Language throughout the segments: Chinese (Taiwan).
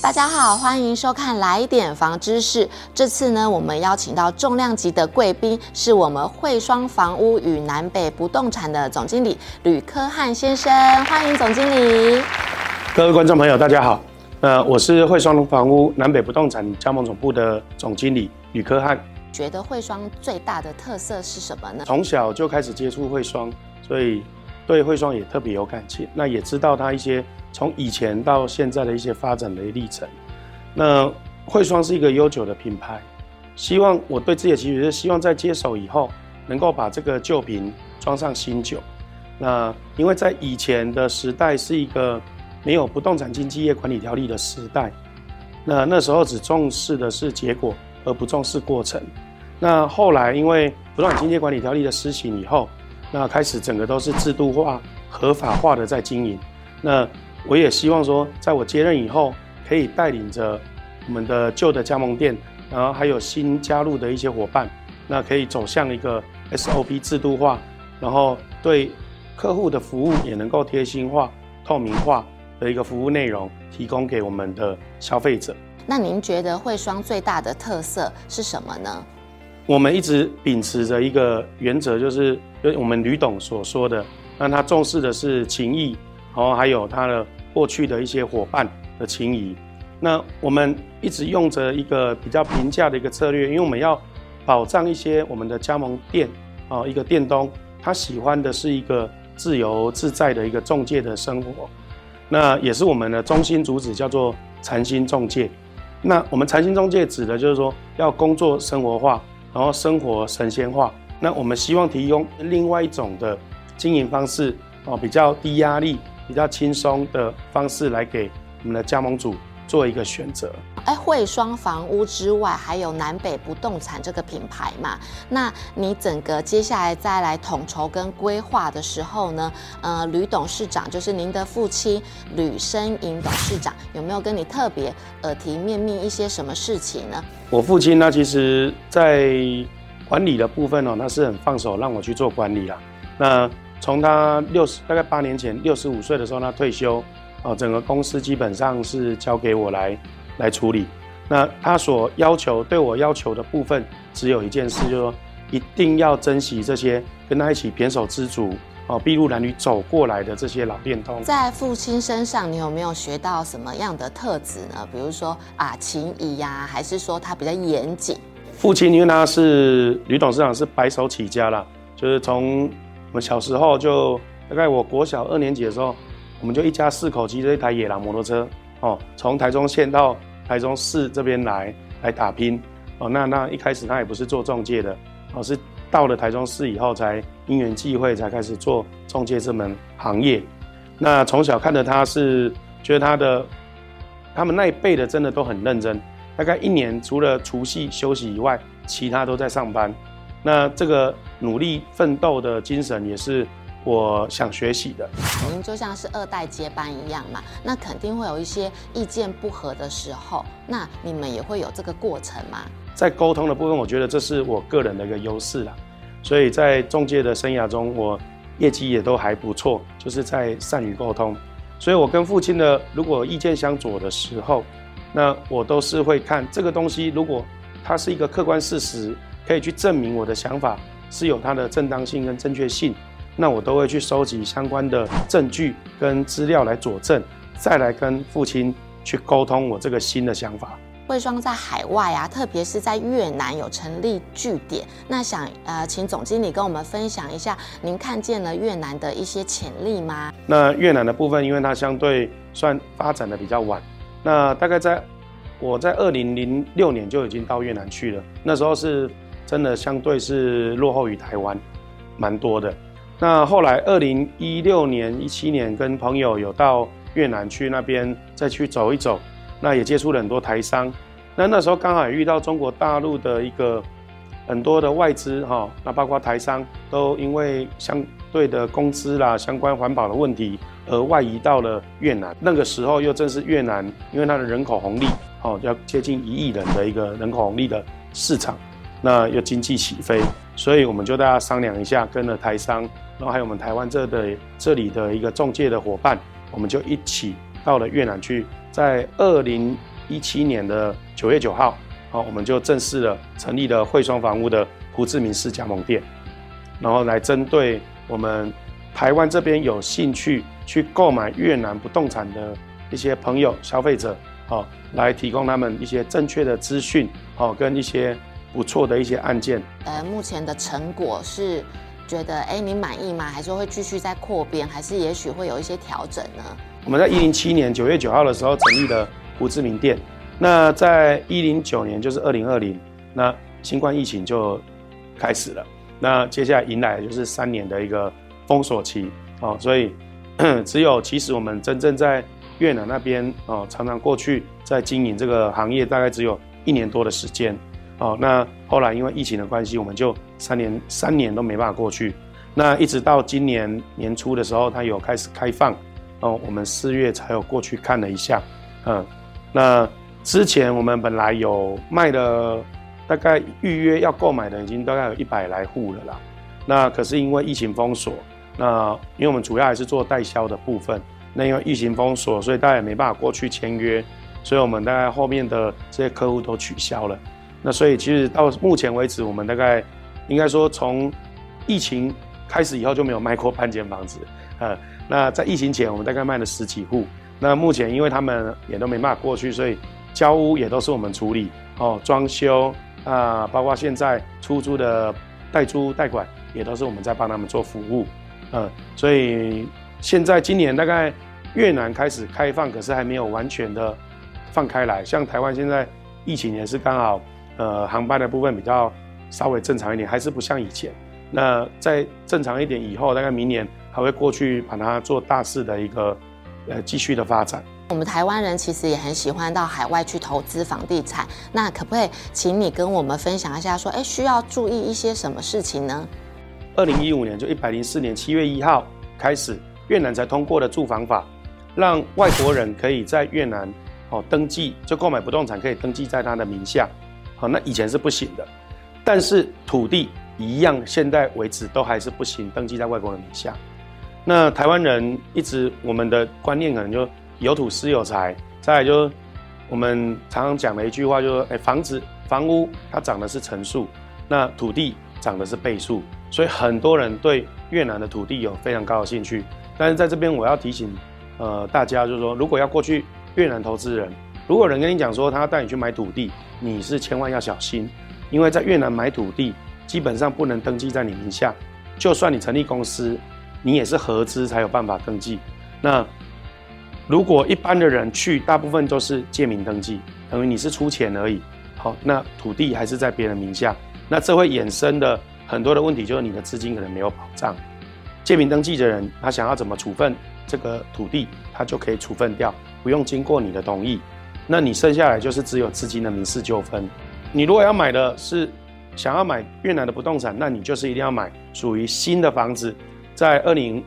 大家好，歡迎收看《來點房知識》。這次呢，我們邀請到重量級的貴賓，是我們惠雙房屋與南北不動產的總經理呂科翰先生。歡迎總經理！各位觀眾朋友，大家好。呃，我是惠雙房屋南北不動產加盟總部的總經理呂科翰。覺得惠雙最大的特色是什麼呢？從小就開始接觸惠雙，所以對惠雙也特別有感情。那也知道它一些從以前到現在的一些發展的歷程。那惠雙是一個悠久的品牌，希望我對自己的其實是希望在接手以後能夠把這個舊瓶裝上新酒。那因為在以前的時代是一個沒有不動產經紀業管理條例的時代，那那時候只重視的是結果。而不重視過程。那後來因為《不動產經濟管理條例》的施行以後，那開始整個都是制度化、合法化的在經營。那我也希望說，在我接任以後，可以帶領着我們的舊的加盟店，然後還有新加入的一些夥伴，那可以走向一個 SOP 制度化，然後對客戶的服務也能夠貼心化、透明化的一個服務內容提供給我們的消費者。那您覺得惠雙最大的特色是什麼呢？我們一直秉持着一個原則，就是就我們呂董所說的，那他重視的是情誼，然後還有他的過去的一些夥伴的情誼。那我們一直用着一個比較平價的一個策略，因為我們要保障一些我們的加盟店，哦，一個店東他喜歡的是一個自由自在的一個中介的生活。那也是我們的中心主旨，叫做誠心中介。那我們財經中介指的就是說，要工作生活化，然後生活神仙化。那我們希望提供另外一種的經營方式，哦，比較低壓力、比較輕鬆的方式來給我們的加盟主。做一個選擇。哎、欸，惠雙房屋之外，還有南北不動產這個品牌嘛，那你整個接下來再來統籌跟規劃的時候呢，呃，呂董事長就是您的父親呂聲銀董事長，有沒有跟你特別耳提面命一些什麼事情呢？我父親呢，其實在管理的部分哦，他是很放手讓我去做管理啊。那從他六十大概八年前六十五歲的時候，他退休。哦，整個公司基本上是交給我來來處理。那他所要求對我要求的部分，只有一件事，就是說一定要珍惜這些跟他一起胼手胝足，哦，篳路藍縷走過來的這些老電通。在父親身上，你有沒有學到什麼樣的特質呢？比如說啊情誼呀，啊，還是說他比較嚴謹？父親，因為他是呂董事長，是白手起家啦，就是從我們小時候，就大概我國小二年級的時候，我們就一家四口騎着一台野狼摩托車，哦，從台中縣到台中市這邊來來打拼，哦，那那一開始他也不是做仲介的，而、哦、是到了台中市以後才因緣際會才開始做仲介這門行業。那從小看着他是，覺得他的他們那一輩的真的都很認真，大概一年除了除夕休息以外，其他都在上班。那這個努力奮鬥的精神也是。我想學習的，我們就像是二代接班一樣嘛，那肯定會有一些意見不合的時候，那你們也會有這個過程嗎？在溝通的部分，我覺得這是我個人的一個優勢啦。所以在中介的生涯中，我業績也都還不錯，就是在善於溝通，所以我跟父親的如果意見相左的時候，那我都是會看這個東西，如果它是一個客觀事實，可以去證明我的想法是有它的正當性跟正確性。那我都會去收集相關的證據跟資料來佐證，再來跟父親去溝通我這個新的想法。惠雙在海外啊，特別是在越南有成立據點，那想呃，請總經理跟我們分享一下，您看見了越南的一些潛力嗎？那越南的部分，因為它相對算發展的比較晚，那大概在我在二零零六年就已經到越南去了，那時候是真的相對是落後於台灣，蠻多的。那後來，二零一六年、一七年跟朋友有到越南去那邊再去走一走，那也接觸了很多台商。那那時候剛好也遇到中國大陸的一個很多的外資哈，那包括台商都因為相對的工資啦、相關環保的問題而外移到了越南。那個時候又正是越南因為它的人口紅利，哦，要接近一億人的一個人口紅利的市場，那又經濟起飛，所以我們就大家商量一下，跟了台商，然後還有我們台灣這的這裡的一個中介的夥伴，我們就一起到了越南去，在二零一七年的九月九號，好、哦，我們就正式的成立了惠雙房屋的胡志明市加盟店，然後來針對我們台灣這邊有興趣去購買越南不動產的一些朋友、消費者，好、哦，來提供他們一些正確的資訊，好、哦，跟一些不錯的一些案件。呃，目前的成果是。覺得哎，你滿意嗎？還是會繼續再擴編，還是也許會有一些調整呢？我們在一零七年九月九號的時候成立的胡志明店，那在一零九年就是二零二零，那新冠疫情就開始了，那接下來迎來了就是三年的一個封鎖期哦，所以只有其實我們真正在越南那邊哦，常常過去在經營這個行業大概只有一年多的時間。哦，那後來因為疫情的關係，我們就三年三年都沒辦法過去。那一直到今年年初的時候，它有開始開放，哦，我們四月才有過去看了一下。嗯，那之前我們本來有賣的，大概預約要購買的已經大概有一百來戶了啦。那可是因為疫情封鎖，那因為我們主要還是做代銷的部分，那因為疫情封鎖，所以大家也沒辦法過去簽約，所以我們大概後面的這些客戶都取消了。那所以其實到目前為止，我們大概應該說從疫情開始以後就沒有賣過半間房子，呃，那在疫情前我們大概賣了十幾戶。那目前因為他們也都沒辦法過去，所以交屋也都是我們處理哦，裝修啊、呃，包括現在出租的代租代管也都是我們在幫他們做服務，呃，所以現在今年大概越南開始開放，可是還沒有完全的放開來，像台灣現在疫情也是剛好。呃，航班的部分比較稍微正常一點，還是不像以前。那在正常一點以後，大概明年還會過去把它做大事的一個呃繼續的發展。我們台灣人其實也很喜歡到海外去投資房地產，那可不可以請你跟我們分享一下說，說，欸，需要注意一些什麼事情呢？二零一五年就一百零四年七月一號開始，越南才通過了住房法，讓外國人可以在越南哦登記，就購買不動產可以登記在他的名下。好、哦，那以前是不行的，但是土地一樣，現在為止都還是不行，登記在外國人名下。那台灣人一直我們的觀念可能就有土斯有財，再來就是我們常常講的一句話，就是，就說哎房子，房屋它漲的是成數，那土地漲的是倍數，所以很多人對越南的土地有非常高的興趣。但是在這邊我要提醒，呃，大家就是說，如果要過去越南投資人。如果人跟你講說他要帶你去買土地，你是千萬要小心，因為在越南買土地基本上不能登記在你名下，就算你成立公司，你也是合資才有辦法登記。那如果一般的人去，大部分都是借名登記，等於你是出錢而已。好，那土地還是在別人名下，那這會衍生的很多的問題，就是你的資金可能沒有保障。借名登記的人，他想要怎麼處分這個土地，他就可以處分掉，不用經過你的同意。那你剩下來就是只有資金的民事糾紛。你如果要買的是想要買越南的不動產，那你就是一定要買屬於新的房子，在二零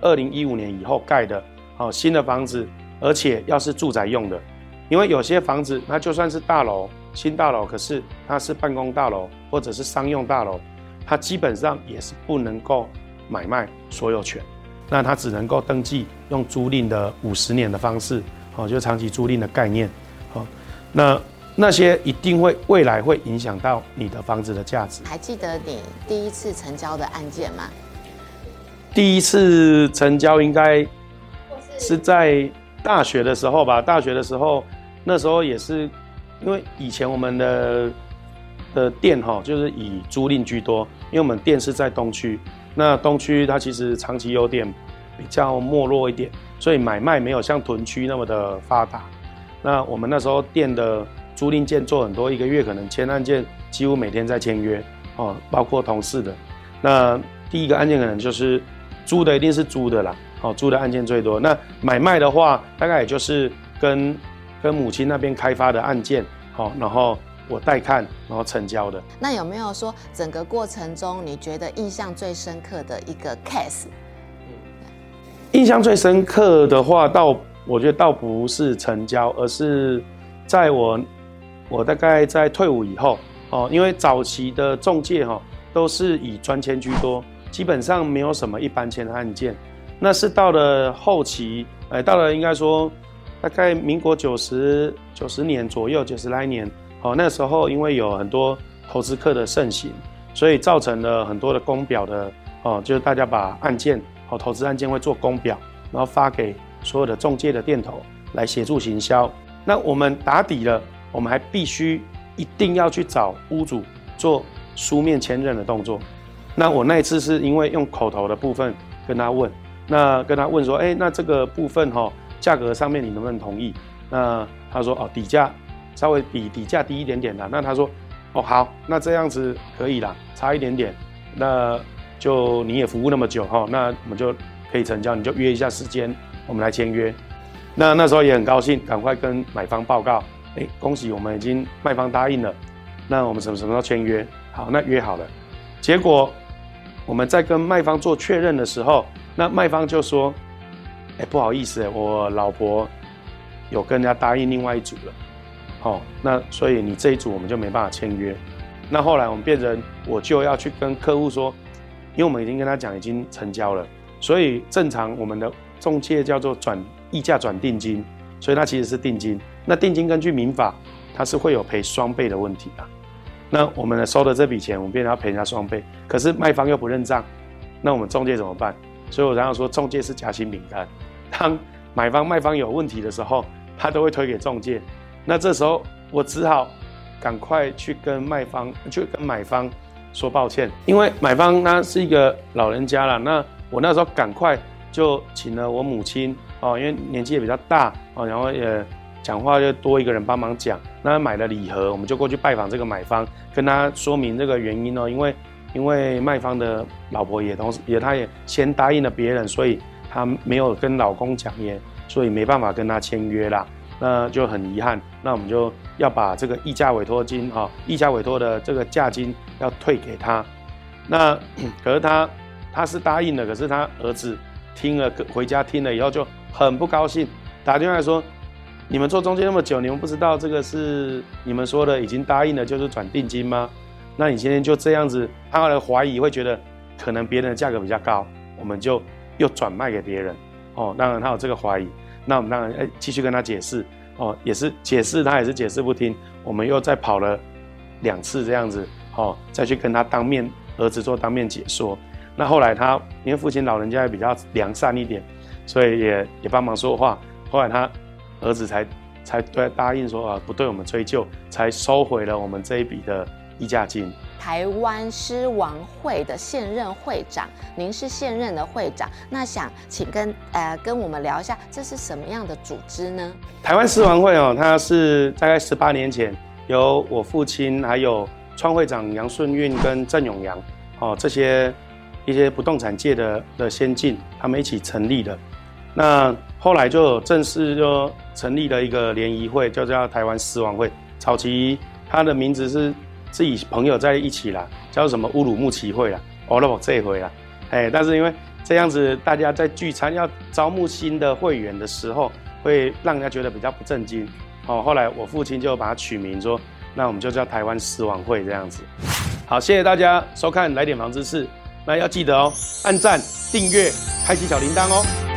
二零一五年以後蓋的，好，新的房子，而且要是住宅用的。因為有些房子，它就算是大樓，新大樓，可是它是辦公大樓或者是商用大樓，它基本上也是不能夠買賣所有權，那它只能夠登記用租賃的五十年的方式，哦，就長期租賃的概念。那那些一定會未來會影響到你的房子的價值。還記得你第一次成交的案件嗎？第一次成交應該是在大學的時候吧。大學的時候，那時候也是因為以前我們的的店哈、哦，就是以租賃居多。因為我們店是在東區，那東區它其實長期有點比較沒落一點，所以買賣沒有像屯區那麼的發達。那我們那時候店的租賃件做很多，一個月可能簽案件幾乎每天在簽約，哦，包括同事的。那第一個案件可能就是租的，一定是租的啦，哦，租的案件最多。那買賣的話，大概也就是跟跟母親那邊開發的案件，哦，然後我帶看，然後成交的。那有沒有說整個過程中你覺得印象最深刻的一個 case？嗯，印象最深刻的話，到。我覺得倒不是成交，而是，在我，我大概在退伍以後，哦，因為早期的仲介哈、哦，都是以專簽居多，基本上沒有什麼一般簽的案件。那是到了後期，哎，到了應該說，大概民國九十九十年左右，九十來年，哦，那時候因為有很多投資客的盛行，所以造成了很多的公表的，哦，就是大家把案件，哦，投資案件會做公表，然後發給。所有的中介的店頭來協助行銷，那我們打底了，我們還必須一定要去找屋主做書面簽認的動作。那我那一次是因為用口頭的部分跟他問，那跟他問說，欸，那這個部分哦，價格上面你能不能同意？那他說哦，底價稍微比底價低一點點的。那他說哦，好，那這樣子可以了，差一點點，那就你也服務那麼久哈，那我們就可以成交，你就約一下時間。我們來簽約，那那時候也很高興，趕快跟買方報告，誒，恭喜我們已經賣方答應了，那我們什麼什麼時候簽約？好，那約好了。結果我們在跟賣方做確認的時候，那賣方就說，誒，不好意思，我老婆有跟人家答應另外一組了，好、哦，那所以你這一組我們就沒辦法簽約。那後來我們變成我就要去跟客戶說，因為我們已經跟他講已經成交了，所以正常我們的。中介叫做轉溢價轉定金，所以它其實是定金。那定金根據民法，它是會有賠雙倍的問題的啊。那我們呢，收了這筆錢，我們變成要賠人家雙倍。可是賣方又不認賬，那我們中介怎麼辦？所以我常常說，中介是夾心餅乾。當買方賣方有問題的時候，他都會推給中介。那這時候我只好趕快去跟賣方，去跟買方說抱歉，因為買方他是一個老人家了。那我那時候趕快。就請了我母親哦，因為年紀也比較大哦，然後也講話就多一個人幫忙講。那買了禮盒，我們就過去拜訪這個買方，跟他說明這個原因哦，因為因為賣方的老婆也同時也他也先答應了別人，所以他沒有跟老公講耶，所以沒辦法跟他簽約啦。那就很遺憾，那我們就要把這個議價委託金哈，哦，議價委託的這個價金要退給他。那可是他他是答應的，可是他兒子。聽了，回家聽了以後就很不高興，打電話來說：“你們做中介那麼久，你們不知道這個是你們說的已經答應了就是轉定金嗎？那你今天就這樣子，他可能懷疑會覺得可能別人的價格比較高，我們就又轉賣給別人。哦，當然他有這個懷疑，那我們當然繼續跟他解釋。哦，也是解釋他也是解釋不聽，我們又再跑了兩次這樣子，哦，再去跟他當面兒子做當面解說。”那後來他因為父親老人家也比較良善一點，所以也也幫忙說話。後來他兒子才才對答應說啊不對我們追究，才收回了我們這一筆的溢價金。台灣獅王會的現任會長，您是現任的會長，那想請跟呃跟我們聊一下，這是什麼樣的組織呢？台灣獅王會哦，他是大概十八年前由我父親還有創會長楊順運跟鄭永陽哦這些。一些不動產界的的先進，他們一起成立的，那後來就正式就成立了一個聯誼會，就叫台灣獅王會。早期他的名字是自己朋友在一起啦，叫做什麼烏魯木齊會啦、烏魯木齊回啦，哎，但是因為這樣子，大家在聚餐要招募新的會員的時候，會讓人家覺得比較不正經。哦，後來我父親就把它取名說，說那我們就叫台灣獅王會這樣子。好，謝謝大家收看《來點房知識》。那要記得哦，按讚、訂閱、開啟小鈴鐺哦。